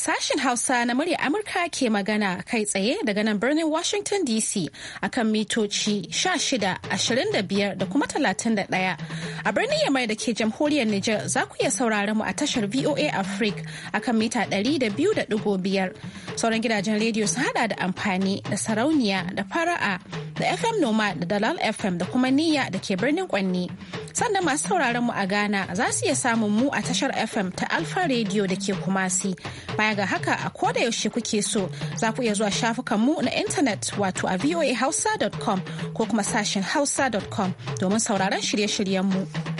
Sashen Hausa na murya Amurka ke magana kai tsaye daga nan birnin Washington DC akan mitoci 16, 25 da kuma 31. A birnin Yamai da ke jamhuriyar Nijar za ku iya saurari mu a tashar VOA Africa akan mita 200.5. Sauran gidajen rediyo sun hada da amfani da sarauniya da fara'a da FM Noma da Dalal FM da kuma Niyya da ke birnin Kwanni. sannan masu sauraron mu a Ghana za su iya samun mu a tashar FM ta Alpha Radio da ke Kumasi. Baya ga haka a koda yaushe kuke so za ku iya zuwa shafukan mu na intanet wato a voahausa.com ko kuma sashen hausa.com domin sauraron shirye-shiryen mu.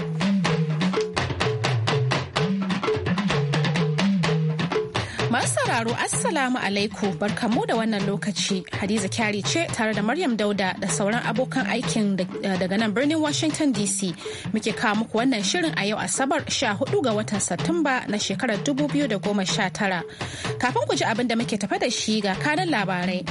sauraro Assalamu alaikum barkamu da wannan lokaci Hadiza Kyari ce tare da Maryam Dauda da sauran abokan aikin eh, daga nan birnin Washington DC muke kawo muku wannan shirin a yau Asabar 14 ga watan Satumba na shekarar 2019. Kafin ku ji abin da muke tafa da shi ga kanan labarai.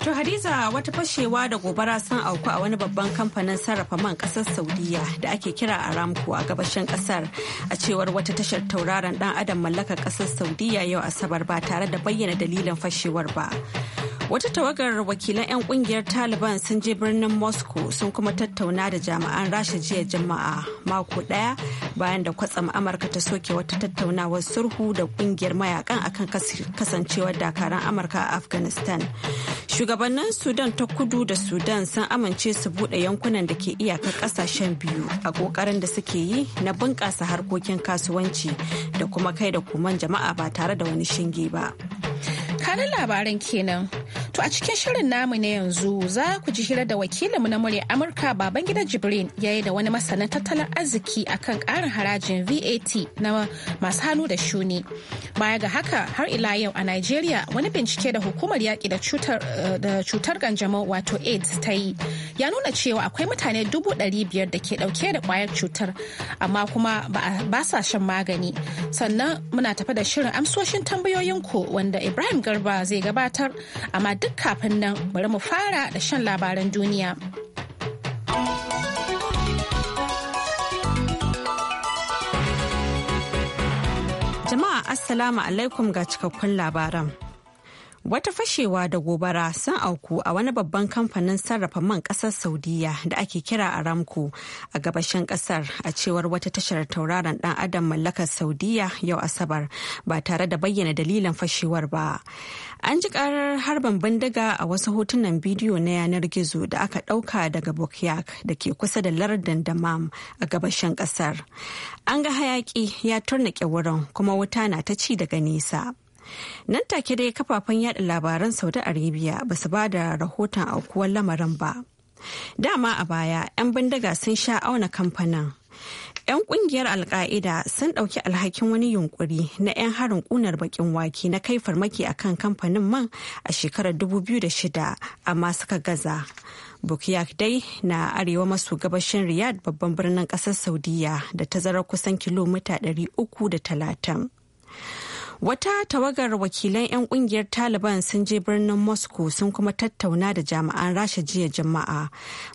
To Hadiza wata fashewa da gobara sun auku a wani babban kamfanin sarrafa man kasar Saudiya da ake kira Aramco a gabashin kasar a cewar wata tashar tauraron dan adam mallakar kasar Saudiya yau Asabar ba tare da bayyana dalilin fashewar ba. Wata tawagar wakilan 'yan kungiyar Taliban sun je birnin Moscow sun kuma tattauna da jama'an Rasha jiya jama'a mako daya bayan da kwatsam Amurka ta soke wata tattaunawar sulhu da kungiyar mayakan akan kasancewar dakaran Amurka a Afghanistan. Shugabannin Sudan ta kudu da Sudan sun amince su bude yankunan da ke iyakar kasashen biyu a kokarin da suke yi na bunƙasa harkokin kasuwanci da kuma kai da kuman jama'a ba tare da wani shinge ba. Kanin labaran kenan To a cikin shirin namu na yanzu za ku ji hira da wakilinmu na murya Amurka baban Babangida Jibrin ya yi da wani masanin tattalin arziki a kan ƙarin harajin VAT na masu hannu da shuni. Baya ga haka har ila yau a Nigeria wani bincike da hukumar yaƙi da cutar ganjamau eh, wato AIDS ta yi ya nuna cewa akwai mutane dubu ɗari biyar da ke ɗauke da ƙwayar cutar amma kuma ba sa shan magani. Sannan muna tafi da shirin amsoshin tambayoyinku wanda Ibrahim Garba zai gabatar duk kafin nan bari mu fara da shan labaran duniya. Jama'a Assalamu alaikum ga cikakkun labaran. Wata fashewa da gobara sun auku a wani babban kamfanin sarrafa man kasar Saudiya da ake kira Aramco a gabashin kasar a cewar wata tashar tauraron dan adam mallakar Saudiya yau Asabar ba tare da bayyana dalilin fashewar ba. An ji karar harban bindiga a wasu hotunan bidiyo na yanar gizo da aka dauka daga Bokyak da ke kusa da lardin Damam a gabashin kasar. An ga hayaki ya turnake wurin kuma wuta na ta ci daga nesa. Nan take dai kafafen yada labaran Saudi Arabia ba su ba da rahoton aukuwar lamarin ba. Dama a baya 'yan bindiga sun sha auna kamfanin. 'Yan kungiyar Alka'ida sun dauki alhakin wani yunkuri na 'yan harin kunar bakin wake na kai farmaki a kan kamfanin man a shekarar 2006 amma suka gaza. Bukiyak dai na arewa maso gabashin Riyadh babban birnin kasar Saudiya da tazarar kusan kilomita 330. Wata tawagar wakilan 'yan kungiyar Taliban sun je birnin Moscow sun kuma tattauna da jami'an Rasha jiya Juma'a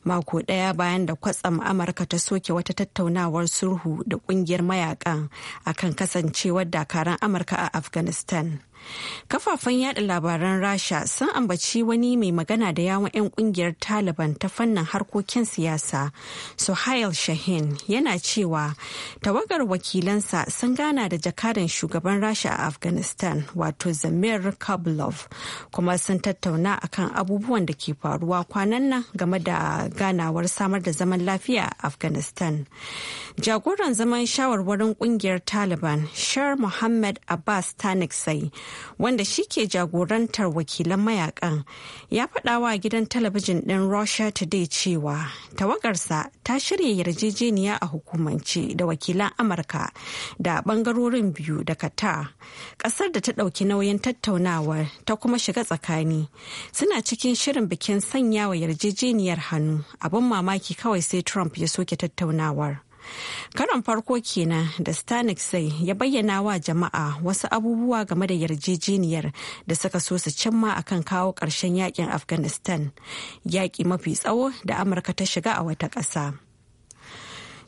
mako ɗaya bayan da kwatsam Amurka ta soke wata tattaunawar sulhu da kungiyar mayakan akan kasancewar dakaran Amurka a Afghanistan. Kafafen yada labaran Rasha sun ambaci wani mai magana da yawon 'yan kungiyar Taliban ta fannin harkokin siyasa, Suhail Shahin, yana cewa tawagar wakilansa sun gana da jakadan shugaban Rasha a Afghanistan, wato Zamir Kabulov, kuma sun tattauna akan abubuwan da ke faruwa kwanan nan game da ganawar samar da zaman lafiya a Afghanistan. Jagoran zaman shawarwarin kungiyar Taliban, Shar Muhammad Abbas Taniksai, wanda shi ke jagorantar wakilan mayakan ya faɗawa gidan talabijin ɗin Russia Today cewa tawagarsa ta shirya yarjejeniya a hukumance da wakilan Amurka da ɓangarorin biyu da kata ƙasar da ta ɗauki nauyin tattaunawar ta kuma shiga tsakani suna cikin shirin bikin sanya wa yarjejeniyar hannu abin mamaki kawai sai Trump ya soke tattaunawar. Karon farko kenan da stanic sai ya bayyana wa jama'a wasu abubuwa game da yarjejeniyar da suka so su cimma akan kawo ƙarshen yakin Afghanistan, yaƙi mafi tsawo da Amurka ta shiga a wata ƙasa.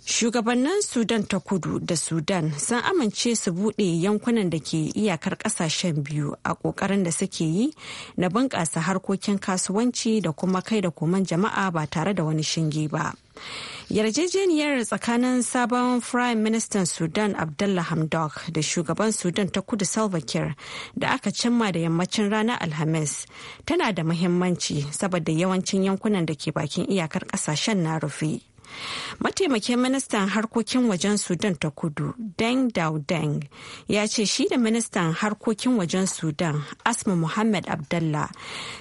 Shugabannin Sudan ta kudu da Sudan sun amince su buɗe yankunan da ke iyakar ƙasashen biyu a ƙoƙarin da suke yi na bunƙasa harkokin kasuwanci da kuma kai da koman jama'a ba tare da wani shinge ba. yarjejeniyar tsakanin sabon prime minister sudan abdullah hamdok da shugaban sudan ta kudu salva kiir da aka cimma da yammacin ranar alhamis tana da muhimmanci saboda yawancin yankunan da ke bakin iyakar kasashen na rufe Mataimakin ministan harkokin wajen Sudan ta kudu, Deng dao-deng ya ce shi da ministan harkokin wajen Sudan, Asma Muhammad Abdallah,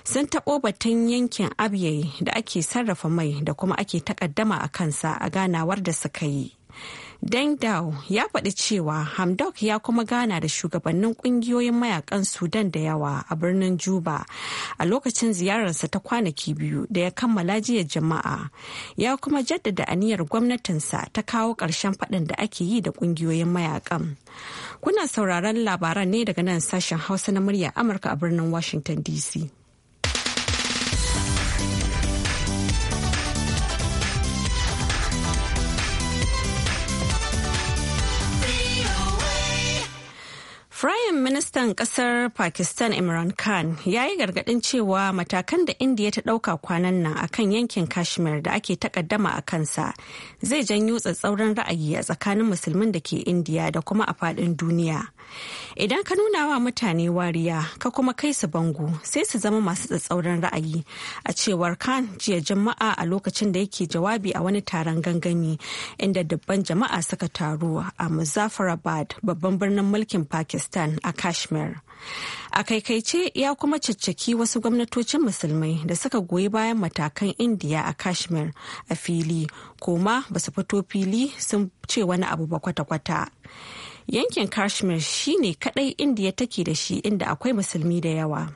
sun taɓo batun yankin Abyei da ake sarrafa mai da kuma ake takaddama a kansa a ganawar da suka yi. Deng Dao ya faɗi cewa Hamdok ya kuma gana da shugabannin ƙungiyoyin mayakan Sudan da yawa a birnin Juba a lokacin ziyararsa ta kwanaki biyu da ya kammala jiya jama'a. Ya kuma jaddada aniyar gwamnatinsa ta kawo ƙarshen faɗin da ake yi da ƙungiyoyin mayakan. Kuna sauraron labaran ne daga nan sashen Hausa na murya Amurka a birnin Washington DC. Firayim Ministan Ƙasar Pakistan Imran Khan ya yi gargaɗin cewa matakan da Indiya ta ɗauka kwanan nan akan yankin Kashmir da ake takaddama a kansa zai janyo tsatsauran ra'ayi a tsakanin musulmin da ke Indiya da kuma a faɗin duniya. Idan ka nuna wa mutane wariya ka kuma kai su bango sai su zama masu tsatsauran ra'ayi a cewar Khan jiya jama'a a lokacin da yake jawabi a wani taron gangami inda dubban jama'a suka taru a Muzaffarabad babban birnin mulkin Pakistan. pakistan a kashmir a kaikaice ya kuma caccaki wasu gwamnatocin musulmai da suka goyi bayan matakan indiya a kashmir a fili koma ba su fito fili sun ce wani abu ba kwata-kwata yankin kashmir shi ne kaɗai indiya take da shi inda akwai musulmi da yawa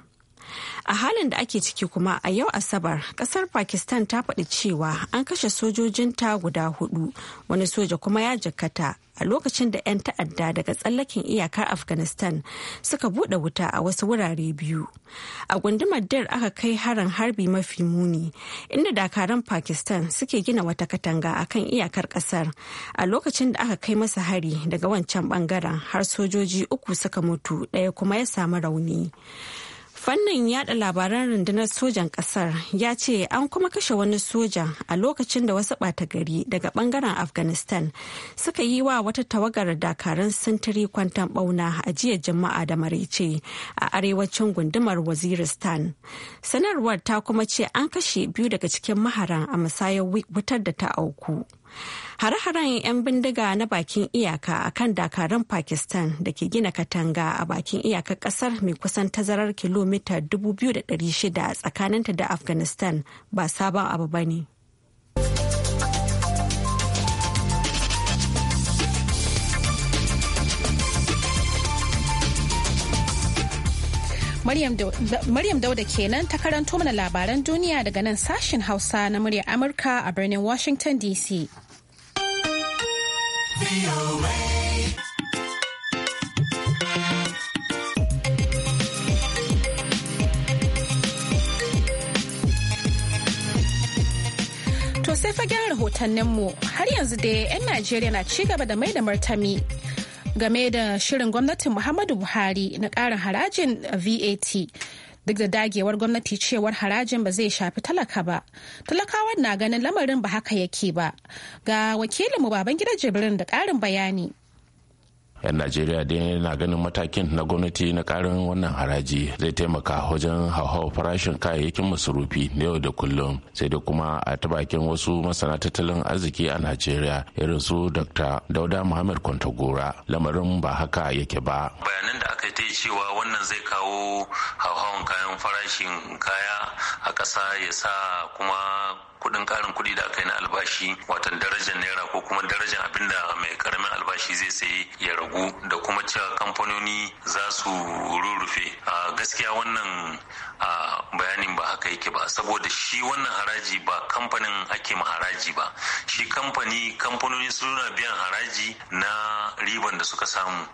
a halin da ake ciki kuma a yau asabar kasar pakistan ta faɗi cewa an kashe sojojinta guda hudu wani soja kuma ya jikkata a lokacin da 'yan ta'adda daga tsallakin iyakar afghanistan suka buɗe wuta a wasu wurare biyu a gundumar dir aka kai harin harbi mafi muni inda dakaran pakistan suke gina wata katanga a kan iyakar kasar a lokacin da aka kai masa hari daga wancan bangaren har sojoji uku suka mutu ɗaya kuma ya samu rauni Fannin yada labaran rundunar sojan kasar ya ce an kuma kashe wani soja a lokacin da wasu ɓata gari daga bangaren Afghanistan suka yi wa wata tawagar dakarun sintiri kwantan bauna a jiya jama'a da marice a arewacin gundumar Waziristan. Sanarwar ta kuma ce an kashe biyu daga cikin maharan a musayar wutar da ta auku. hare-haren 'yan bindiga na bakin iyaka a kan dakarun pakistan da ke gina katanga a bakin iyakar kasar mai kusan tazarar kilomita 2,600 tsakaninta da afghanistan ba sabon abu ba ne Maryam Dauda kenan ta karanto mana labaran duniya daga nan sashen Hausa na muryar Amurka a birnin Washington DC. To sai fagen rahotanninmu har yanzu dai 'yan Najeriya na ci gaba da mai da martami game da shirin gwamnatin Muhammadu Buhari na ƙarin harajin VAT duk da dagewar gwamnati cewar harajin ba zai shafi talaka ba talakawan na ganin lamarin ba haka yake ba ga wakilinmu baban gidan jibrin da ƙarin bayani 'yan najeriya dai na ganin matakin na gwamnati na karin wannan haraji zai taimaka wajen hauhawar farashin kayayyakin masarufi na yau da kullum sai da kuma a ta bakin wasu masana tattalin arziki a najeriya irin su dr dauda muhammad kwantagora lamarin ba haka yake ba bayanan da aka yi cewa wannan zai kawo hauhawan kayan farashin kaya a ƙasa ya sa kuma kuɗin ƙarin kuɗi da aka yi na albashi watan darajar naira ko kuma darajar abin da mai karamin albashi zai sayi ya ragu da kuma cewa kamfanoni za su rurrufe a gaskiya wannan a bayanin ba haka yake ba saboda shi wannan haraji ba kamfanin ake ma haraji ba shi kamfani kamfanoni suna biyan haraji na riban da suka samu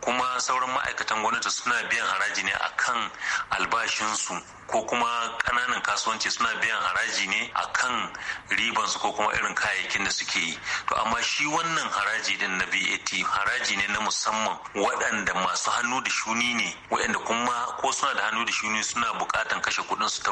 kuma sauran ma'aikatan gwamnati suna biyan haraji ne akan albashinsu ko kuma kananan kasuwanci suna biyan haraji ne a kan ribansu ko kuma irin kayayyakin da suke yi to amma shi wannan haraji din na VAT haraji ne na musamman waɗanda masu hannu da shuni ne waɗanda kuma ko suna da hannu da shuni suna buƙatan kashe kuɗin su ta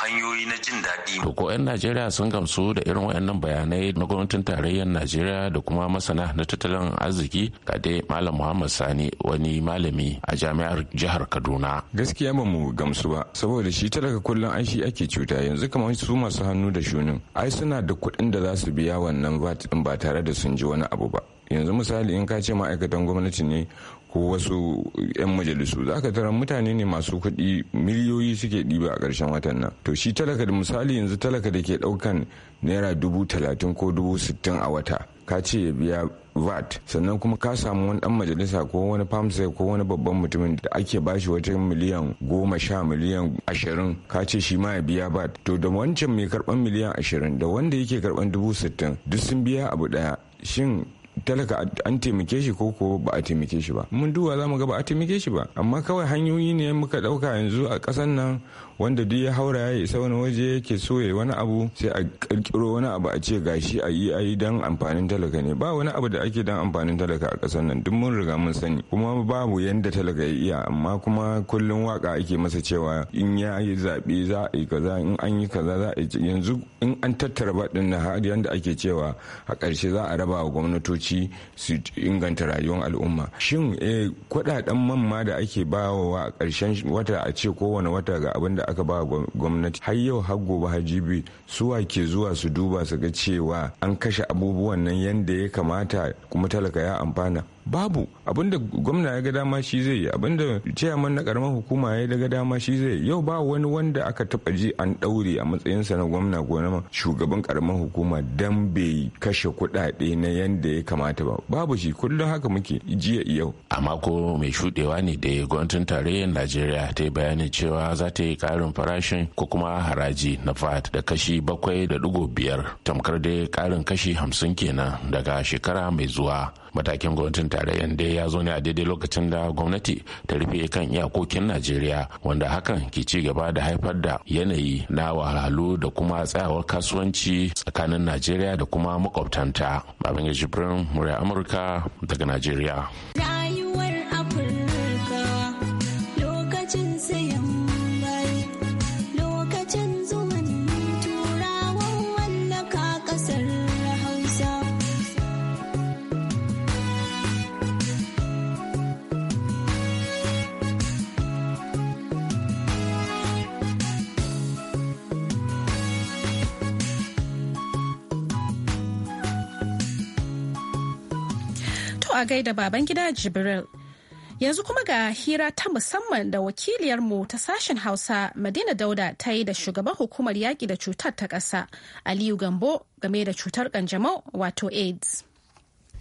hanyoyi na jin daɗi. To ko 'yan Najeriya sun gamsu da irin waɗannan bayanai na gwamnatin tarayyar Najeriya da kuma masana na tattalin arziki ga dai Malam Muhammad Sani wani malami a jami'ar jihar Kaduna. Gaskiya mu gamsu ba saboda shi talaka kullum ai shi ake cuta yanzu kamar su masu hannu da shunin ai suna da kuɗin da za su biya wannan vat din ba tare da sun ji wani abu ba yanzu misali in ka ce ma'aikatan gwamnati ne ko wasu 'yan majalisu za ka tara mutane ne masu kuɗi miliyoyi suke ɗiba a ƙarshen watan nan to shi talaka da misali yanzu talaka da ke ɗaukan naira dubu talatin ko dubu sittin a wata ka ce ya biya vat sannan kuma ka samu wani dan majalisa ko wani famsa ko wani babban mutumin da ake bashi wata miliyan goma sha miliyan ashirin ka ce shi ma ya biya vat to da wancan mai karban miliyan ashirin da wanda yake karban dubu sittin duk sun biya abu daya shin talaka an taimake shi ko ko ba a taimake shi ba mun duwa za mu ga ba a taimake shi ba amma kawai hanyoyi ne muka dauka yanzu a kasan nan wanda duk ya haura ya isa wani waje yake so ya wani abu sai a kirkiro wani abu a ce gashi a yi ayi dan amfanin talaka ne ba wani abu da ake dan amfanin talaka a kasar nan duk mun riga mun sani kuma babu yanda talaka ya iya amma kuma kullun waka ake masa cewa in ya yi zaɓe za a yi kaza in an yi kaza za a yi yanzu in an tattara baɗin na har yanda ake cewa a ƙarshe za a raba wa gwamnatoci su inganta rayuwar al'umma shin eh kuɗaɗen man ma da ake bawa a ƙarshen wata a ce kowane wata ga abin da da aka ba gwamnati har yau har gobe har jibi suwa ke zuwa su duba su ga cewa an kashe abubuwan nan yadda ya kamata kuma talaka ya amfana babu abinda gwamna ya ga dama shi zai yi abinda ciyaman na karamar hukuma ya daga dama shi zai yau ba wani wanda aka taba ji an daure a matsayinsa na gwamna gona shugaban karamar hukuma dan bai kashe kuɗaɗe na yanda ya kamata ba babu shi kullum haka muke jiya yau a mako mai shudewa ne da gwamnatin tarayyar najeriya ta yi bayanin cewa za ta yi karin farashin ko kuma haraji na fat da kashi bakwai da dugo biyar tamkar dai karin kashi hamsin kenan daga shekara mai zuwa matakin gwamnatin tarayyar dai ya zo ne a daidai lokacin da gwamnati ta rufe kan iyakokin najeriya wanda hakan ke ci gaba da haifar da yanayi na wahalhalu da kuma tsayawar kasuwanci tsakanin najeriya da kuma makwabtanta babangida jibrin murya amurka daga najeriya a gaida baban gida Jibril. Yanzu kuma ga hira ta musamman da wakiliyarmu ta sashen Hausa Madina Dauda ta yi da shugaban hukumar yaƙi da cutar ta ƙasa Aliyu Gambo game da cutar ƙanjamau wato AIDS.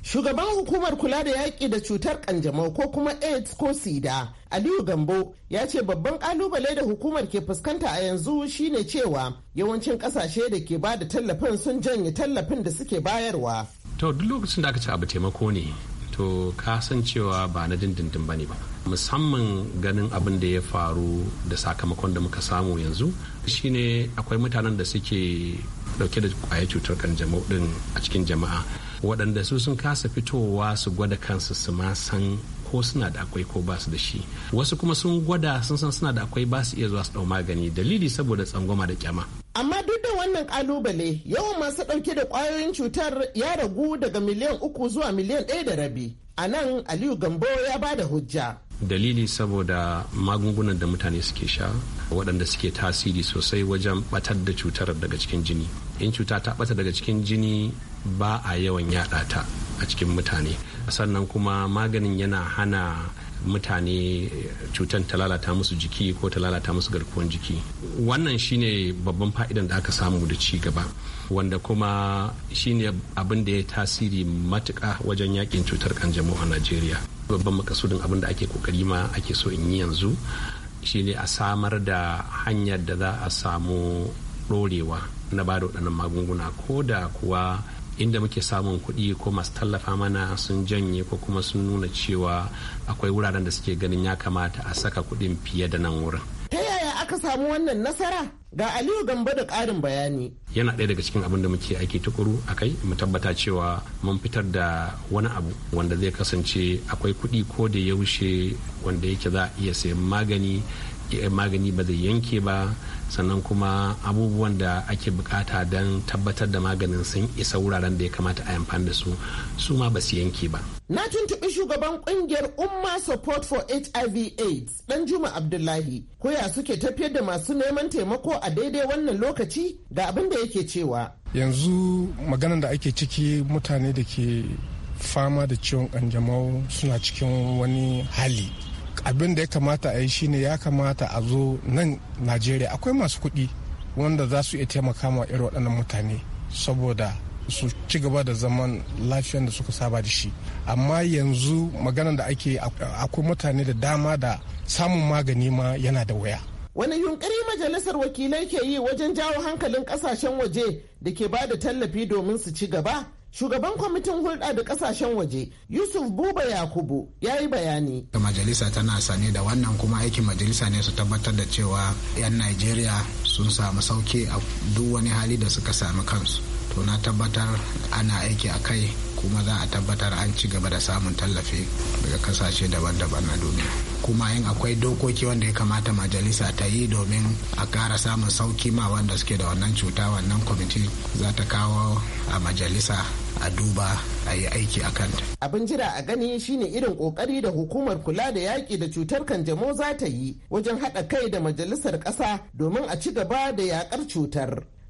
Shugaban hukumar kula da yaƙi da cutar ƙanjamau ko kuma AIDS ko sida Aliyu Gambo ya ce babban ƙalubale da hukumar ke fuskanta a yanzu shine cewa yawancin ƙasashe da ke ba da tallafin sun janye tallafin da suke bayarwa. To duk lokacin da aka ce abu taimako ne to ka cewa ba na dindindin ba ne ba musamman ganin abin da ya faru da sakamakon da muka samu yanzu shine akwai mutanen da suke dauke da kwayar cutar kanjamau din a cikin jama'a waɗanda su sun kasa fitowa su gwada kansu su ma san ko suna da akwai ko basu da shi wasu kuma sun gwada sun san suna da akwai basu iya zuwa su dau magani dalili saboda tsangwama da kyama amma duk da wannan kalubale yawan masu dauke da kwayoyin cutar ya ragu daga miliyan uku zuwa miliyan ɗaya da rabi a nan aliyu gambo ya ba da hujja dalili saboda magungunan da mutane suke sha waɗanda suke tasiri sosai wajen ɓatar da cutar daga cikin jini in cuta ta ɓata daga cikin jini ba a yawan yaɗa ta a cikin mutane sannan kuma maganin yana hana mutane eh, cutar ta lalata musu jiki ko ta lalata musu garkuwan jiki wannan shine babban fa'idan da aka samu da ci gaba wanda kuma shine abin da ya tasiri matuka wajen yakin cutar kanjamau a najeriya babban makasudin abin da ake kokari ma ake so in yi yanzu shine a samar da hanyar da za a samu ɗorewa na ba da waɗannan magunguna ko da kuwa inda muke samun kuɗi ko masu tallafa mana sun janye ko kuma sun nuna cewa akwai wuraren da suke ganin ya kamata a saka kuɗin fiye da nan wurin. Ta yaya aka samu wannan nasara? Ga Aliyu Gambo da ƙarin bayani. Yana ɗaya daga cikin abin da muke aiki tukuru a kai mu tabbata cewa mun fitar da wani abu wanda zai kasance akwai kuɗi ko da yaushe wanda yake za a iya sayan magani Eh, magani ba zai yanke ba sannan kuma abubuwan da ake bukata don tabbatar da maganin sun isa wuraren da ya kamata a amfani da su su ma ba su yanke ba. Na tuntuɓi shugaban kungiyar Umma Support for HIV AIDS dan Juma Abdullahi koya suke tafiyar da masu neman taimako a daidai wannan lokaci ga abin da yake cewa. Yanzu maganan da ake ciki mutane da ke fama da ciwon kanjamau suna cikin wani hali abin da ya kamata a yi shine ya kamata a zo nan najeriya akwai masu kuɗi wanda za su iya taimaka ma irin waɗannan mutane saboda su ci gaba da zaman lafiyan da suka saba da shi amma yanzu maganar da ake akwai mutane da dama da samun magani ma yana da waya wani yunkari majalisar wakilai ke yi wajen jawo hankalin kasashen waje da ke ba da tallafi domin su ci gaba Shugaban kwamitin hulɗa da ƙasashen waje Yusuf Buba Yakubu ya yi bayani. Majalisa tana sane da wannan kuma aikin majalisa ne su tabbatar da cewa 'yan Najeriya sun samu sauke a duk wani hali da suka sami kansu. To na tabbatar ana aiki a kai kuma za a tabbatar an ci gaba da samun tallafi daga kasashe daban-daban na duniya kuma yin akwai dokoki wanda ya kamata majalisa ta yi domin a kara samun sauki ma wanda suke da wannan cuta wannan kwamiti za ta kawo a majalisa a duba a yi aiki a kanta. Abin jira a gani shine irin kokari da hukumar kula da yaƙi da cutar kanjamau za ta yi wajen haɗa kai da majalisar ƙasa domin a ci gaba da yaƙar cutar.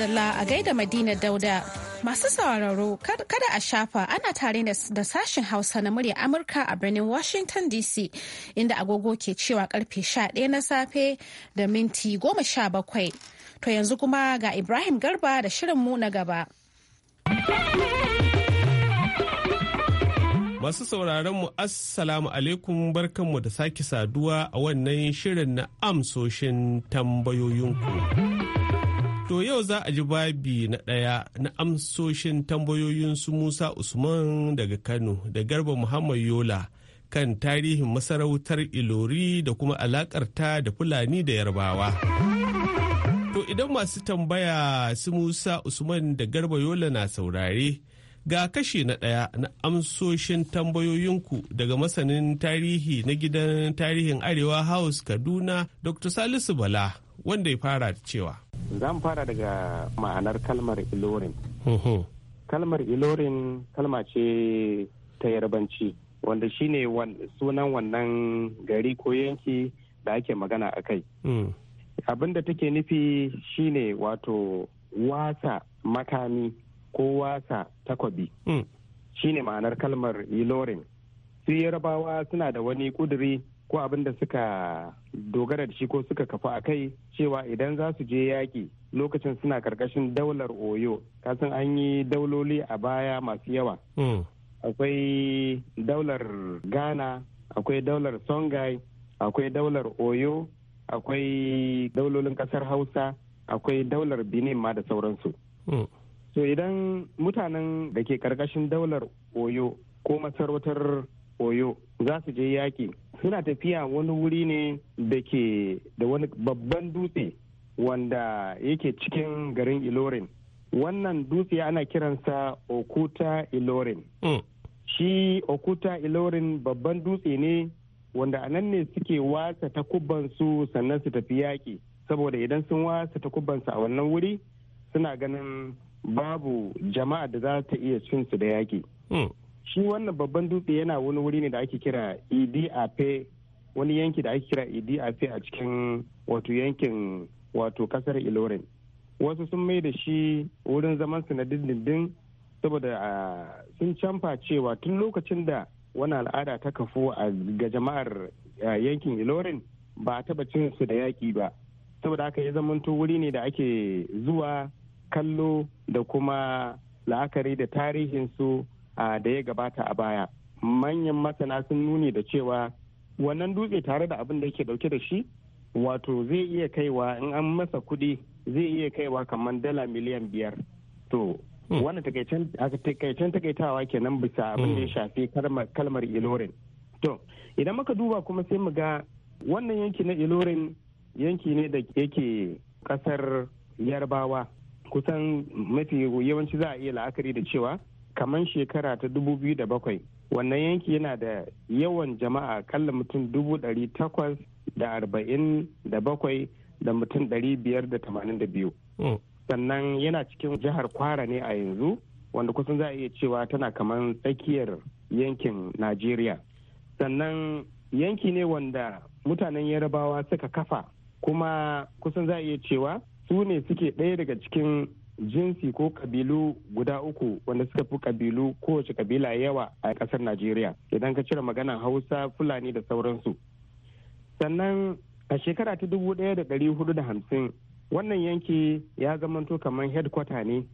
Adalla a gaida Madina Dauda. Masu sauraro kada a shafa ana tare da sashen Hausa na murya Amurka a birnin Washington DC inda agogo ke cewa karfe 11 na safe da minti 17. To yanzu kuma ga Ibrahim Garba da shirinmu na gaba. Masu sauraronmu Assalamu alaikum barkanmu da sake saduwa a wannan shirin na amsoshin tambayoyinku. To yau za a ji babi na ɗaya na amsoshin tambayoyin su Musa Usman daga Kano da Garba Muhammad Yola kan tarihin masarautar Ilori da kuma alakarta da Fulani da Yarbawa. To idan masu tambaya su Musa Usman da Garba Yola na saurare, ga kashi na ɗaya na amsoshin tambayoyinku daga masanin tarihi na gidan tarihin Arewa House Kaduna Dr. Salisu Bala. wanda ya fara da cewa. Zan fara daga ma'anar kalmar ilorin. Kalmar ilorin kalma ce ta yarbanci wanda shi ne sunan wannan gari ko yanki da ake magana a kai. Hmm. Abin da take nufi shi ne wato wasa makami ko wasa takwabi. Hmm. ne ma'anar kalmar ilorin. Su yarbawa suna da wani kuduri ko abin da suka dogara da shi ko suka kafa a kai cewa idan za su je yaƙi lokacin suna karkashin daular oyo kasan an yi dauloli a baya masu yawa hmm. akwai daular ghana akwai daular songhai akwai daular oyo akwai daulolin kasar hausa akwai daular benin ma da sauransu hmm. so idan mutanen da ke karkashin daular oyo ko masarautar oyo za su je yaƙi suna tafiya wani wuri ne da ke da wani babban dutse wanda yake cikin garin ilorin wannan dutse ana kiransa okuta ilorin mm. shi okuta ilorin babban dutse ne wanda a nan ne suke wasa takubansu sannan su tafi yaƙi saboda idan sun wasa takubansu a wannan wuri suna ganin babu jama'a da za ta iya cinsu da yaƙi mm. shi wannan babban dutse yana wani wuri ne da ake kira idi afe wani yanki da ake kira idi afe a cikin wato yankin wato kasar ilorin wasu sun mai da shi wurin zaman su na dindindin saboda sun canfa cewa tun lokacin da wani al'ada ta kafu ga jama'ar yankin ilorin ba a taba cin su da yaƙi ba saboda haka ya zamanto wuri ne da ake zuwa kallo da kuma la'akari da tarihin su da ya gabata a baya manyan masana sun nuni da cewa wannan dutse tare da abin da yake dauke da shi wato zai iya kaiwa in an masa kudi zai iya kaiwa kamar dala miliyan biyar to hmm. wannan takaicen takaitawa kenan bisa abin da ya hmm. shafi kalmar ilorin to idan muka duba kuma sai mu ga wannan yanki na ilorin yanki ne da yake kasar yarbawa kusan mafi yawanci za a iya la'akari da cewa kamar shekara ta 2007 wannan yanki yana da yawan jama'a kalla mutum 847 da mutum 582 hmm. sannan yana cikin jihar kwara ne a yanzu wanda kusan za a iya cewa tana kamar tsakiyar yankin najeriya sannan yanki ne wanda mutanen yarabawa suka kafa kuma kusan za a iya cewa su ne suke ɗaya daga cikin jinsi ko kabilu guda uku wanda suka fi kabilu kowace kabila yawa a kasar najeriya idan ka cire maganan hausa fulani da sauransu sannan a shekara ta dubu ɗaya da ɗari hudu da hamsin wannan yanki ya zamanto kamar headquarter ne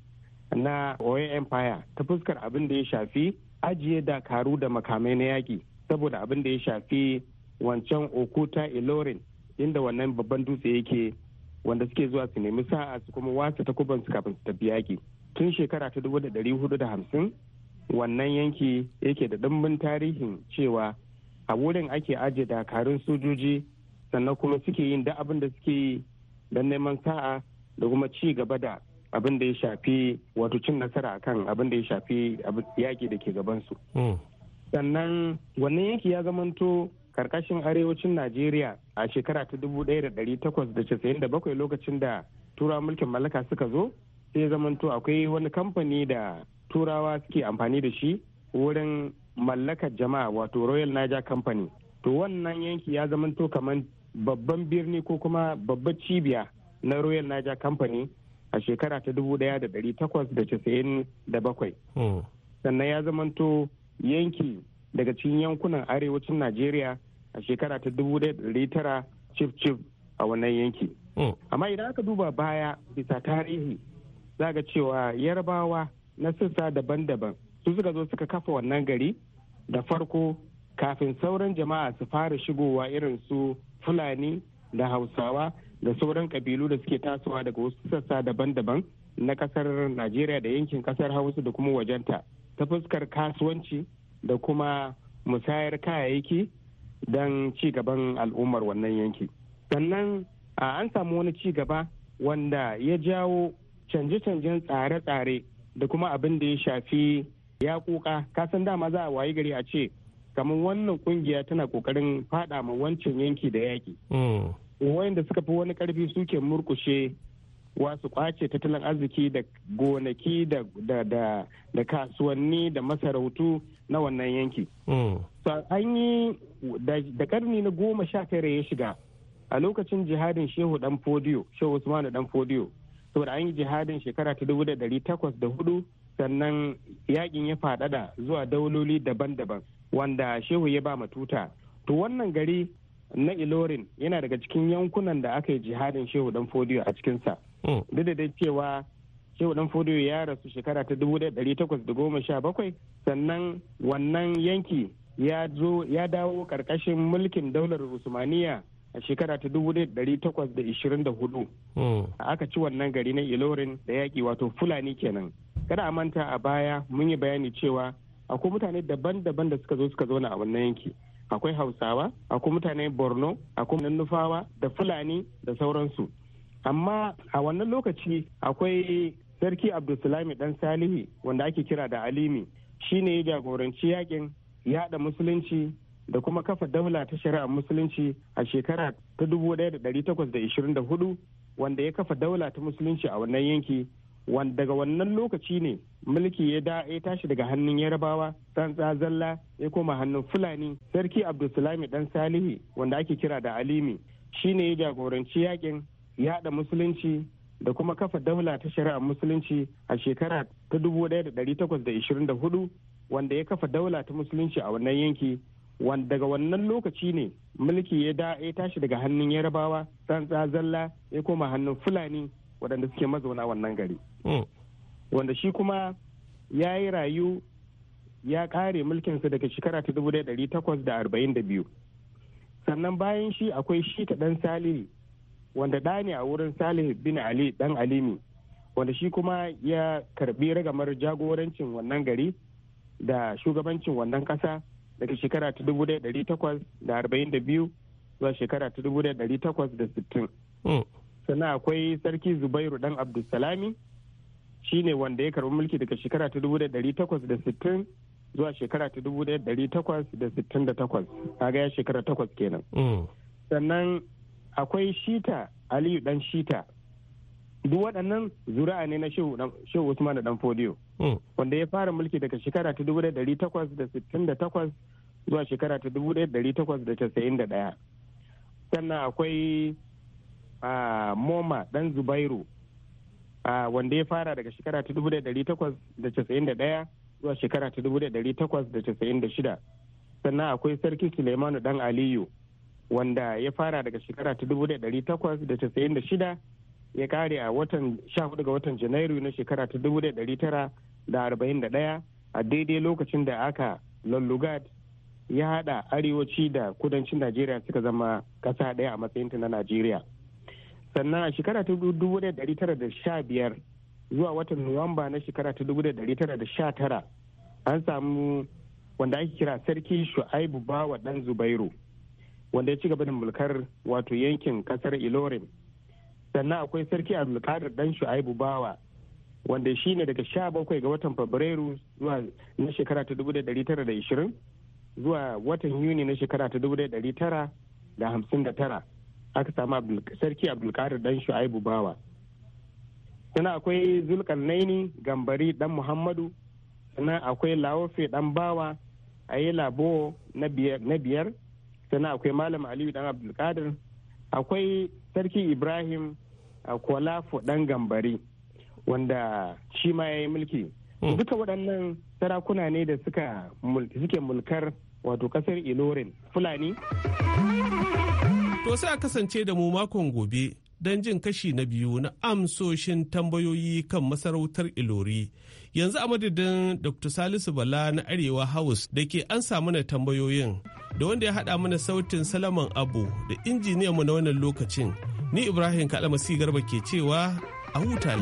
na oyo empire ta fuskar abin da ya shafi ajiye dakaru da makamai na yaƙi saboda abin da ya shafi wancan okuta ilorin inda wannan babban dutse yake wanda suke zuwa su nemi sa'a su kuma wasa ta su kafin su tafi yaki tun shekara ta dubu da ɗari hudu da hamsin wannan yanki yake da ɗumbin tarihin cewa a wurin ake ajiye dakarun sojoji sannan kuma suke yin da abin da suke yi don neman sa'a da kuma ci gaba da abin da ya shafi wato cin nasara akan abin da ya shafi yaƙi da ke gabansu hmm. sannan wannan yanki ya zamanto karkashin arewacin najeriya a shekara ta 1897 lokacin da turawa mulkin mallaka suka zo sai zamanto akwai wani kamfani da turawa suke amfani da shi wurin mallakar jama'a wato royal niger company to wannan yanki ya zamanto kamar babban birni ko kuma babbar cibiya na royal niger company a shekara ta 1897 hmm. sannan ya zamanto yanki daga cikin yankunan arewacin najeriya a shekara ta dubu tara cif cif a wannan yanki hmm. amma idan aka duba baya bisa tarihi za ga cewa yarbawa na sassa daban-daban su suka zo suka kafa wannan gari da farko kafin sauran jama'a su fara shigowa irin su fulani da hausawa da sauran kabilu da suke tasowa daga wasu sassa daban-daban na kasar najeriya da yankin kasar hausa da kuma wajenta ta fuskar kasuwanci da kuma musayar kayayyaki don ci gaban al'ummar wannan yanki sannan an samu wani ci gaba wanda ya jawo canje-canjen tsare-tsare da kuma abin da ya shafi ya kuka kasan dama za a wayi gari a ce kamar wannan kungiya tana kokarin fada ma wancan yanki da yaki mm. wayanda suka fi wani karfi suke murkushe wasu kwace tattalin arziki da gonaki da kasuwanni da masarautu na wannan yanki. Mm. an yi da karni na goma sha tara ya shiga a lokacin jihadin shehu dan fodiyo shehu usmanu dan fodiyo saboda an yi jihadin shekara ta dubu da dari takwas da hudu sannan yakin ya faɗaɗa zuwa dauloli daban-daban wanda shehu ya ba tuta to wannan gari na ilorin yana daga cikin yankunan da aka yi jihadin shehu dan fodiyo a cikinsa Hmm. duk da dai cewa shehu dan fodiyo ya rasu shekara ta bakwai. sannan wannan yanki ya zo ya dawo karkashin mulkin daular usmaniya a shekara ta 1824 hmm. aka ci wannan gari na ilorin da yaki wato fulani kenan kada a manta a baya mun yi bayani cewa akwai mutane daban-daban da suka zo suka zauna a wannan yanki akwai hausawa akwai mutane borno akwai nufawa da fulani da sauransu amma a wannan lokaci akwai sarki abdulsalami dan salihi wanda ake kira da alimi shine ya jagoranci yakin yada musulunci da kuma kafa daula ta shari'ar musulunci a shekara ta 1824 wanda ya kafa daula ta musulunci a wannan yanki wanda daga wannan lokaci ne mulki ya da ya tashi daga hannun yarabawa tsantsa zalla ya koma hannun fulani sarki abdulsalami dan salihi wanda ake kira da alimi shine ya jagoranci yakin yada musulunci da kuma kafa daula ta shari'ar musulunci a shekara ta 1824 wanda ya kafa daula ta musulunci a wannan yanki wanda daga wannan lokaci ne mulki ya da ya tashi daga hannun yarabawa san zalla ya koma hannun fulani waɗanda suke mazauna wannan gari hmm. wanda shi kuma ya yi rayu ya ƙare mulkinsa daga shekara ta 1842 sannan bayan shi akwai shi ta ɗan saliri wanda ɗa ne a wurin salih bin ali dan alimi wanda shi kuma ya karbi ragamar jagorancin wannan gari da shugabancin wannan ƙasa daga shekara ta dubu takwas da da arba'in biyu zuwa shekara ta dubu takwas da sittin. Hmm. sannan akwai sarki zubairu dan abdulsalami shi ne wanda ya karbi mulki daga shekara ta dubu takwas da sittin zuwa shekara ta dubu takwas da sittin takwas kaga ya shekara takwas kenan hmm. sannan akwai shita aliyu dan shita duk waɗannan zuri'a ne na shehu usman dan fodiyo hmm. wanda ya fara mulki daga shekara ta 1868 zuwa shekara ta 1891 sannan akwai moma dan zubairu wanda ya fara daga shekara ta 1891 zuwa shekara ta 1896 sannan akwai sarki suleimanu dan aliyu wanda ya fara daga shekara ta dubu takwas da da shida ya kare a watan hudu ga watan janairu na shekara ta dubu tara da da arba'in daya a daidai lokacin da aka lullugat ya hada arewaci da kudancin najeriya suka zama kasa daya a matsayin ta na najeriya sannan a shekara ta dubu tara da sha biyar zuwa watan nuwamba na shekara ta dubu tara da sha tara an samu wanda ake kira sarki shu'aibu bawa dan zubairu wanda ya ci gaba da mulkar wato yankin kasar ilorin sannan akwai sarki abdulkadir dan shu'aibu bawa wanda shi ne daga sha bakwai ga watan fabrairu zuwa na shekara ta dubu da tara da ishirin zuwa watan yuni na shekara ta dubu da tara da hamsin da tara aka samu sarki abdulkadir dan shu'aibu bawa sannan akwai naini gambari dan muhammadu sannan akwai lawofe dan bawa a yi labo na biyar sannan akwai malam aliyu dan abdulkadir akwai sarki ibrahim kwalafo dan gambari wanda shi ma ya yi mulki hmm. duka waɗannan sarakuna ne da suka suke mulkar wato kasar ilorin fulani to sai a kasance da mu makon gobe don jin kashi na biyu na amsoshin tambayoyi kan masarautar ilori yanzu a madadin dr salisu bala na arewa house da ke an samu tambayoyin da wanda ya haɗa mana sautin salaman abu da mu na wannan lokacin ni ibrahim kalamasi garba ke cewa a huta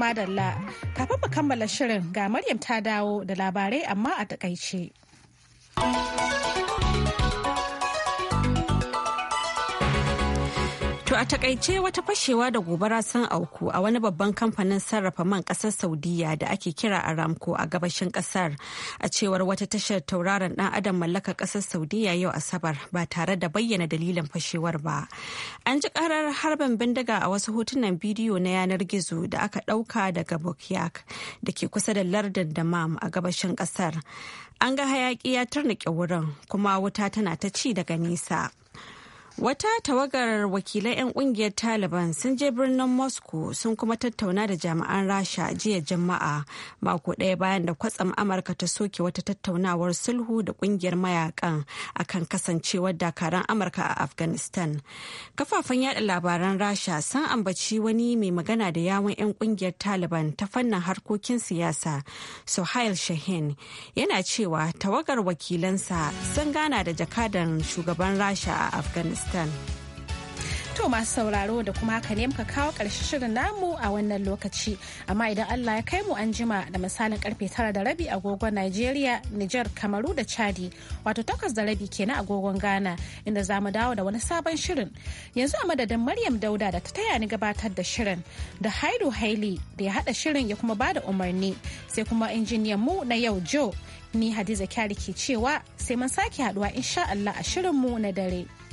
madalla kafin mu kammala shirin ga maryam ta dawo da labarai amma a takaice To a takaice wata fashewa da gobara sun auku a wani babban kamfanin sarrafa man kasar Saudiya da ake kira Aramco a gabashin kasar a cewar wata tashar tauraron dan adam mallaka kasar Saudiya yau Asabar ba tare da bayyana dalilin fashewar ba. An ji karar harbin bindiga a wasu hotunan bidiyo na yanar gizo da aka dauka daga Bokyak da ke kusa da lardin mam a gabashin kasar. An ga hayaki ya tarnike wurin kuma wuta tana ta ci daga nisa. Wata tawagar wakilai 'yan kungiyar Taliban sun je birnin Moscow sun kuma tattauna da jami'an Rasha jiya Juma'a mako ɗaya bayan da kwatsam Amurka ta soke wata tattaunawar sulhu da kungiyar mayakan kan kasancewar dakaran Amurka a Afghanistan. Kafafen yada labaran Rasha sun ambaci wani mai magana da yawon 'yan kungiyar Taliban ta fannin harkokin siyasa Sohail Shahin yana cewa tawagar wakilansa sun gana da jakadan shugaban Rasha a Afghanistan. To masu sauraro da kuma haka ne muka kawo ƙarshen shirin namu a wannan lokaci. Amma idan Allah ya kai mu an jima da misalin karfe tara da rabi agogon nigeria niger Kamaru da Chadi, wato takwas da rabi kenan agogon Ghana inda za mu dawo da wani sabon shirin. Yanzu a madadin Maryam Dauda da ta taya ni gabatar da shirin da Haidu Haili da ya hada shirin ya kuma bada umarni sai kuma injiniyan mu na yau Joe. Ni Hadiza Kyari ke cewa sai mun sake haduwa insha Allah a shirin mu na dare.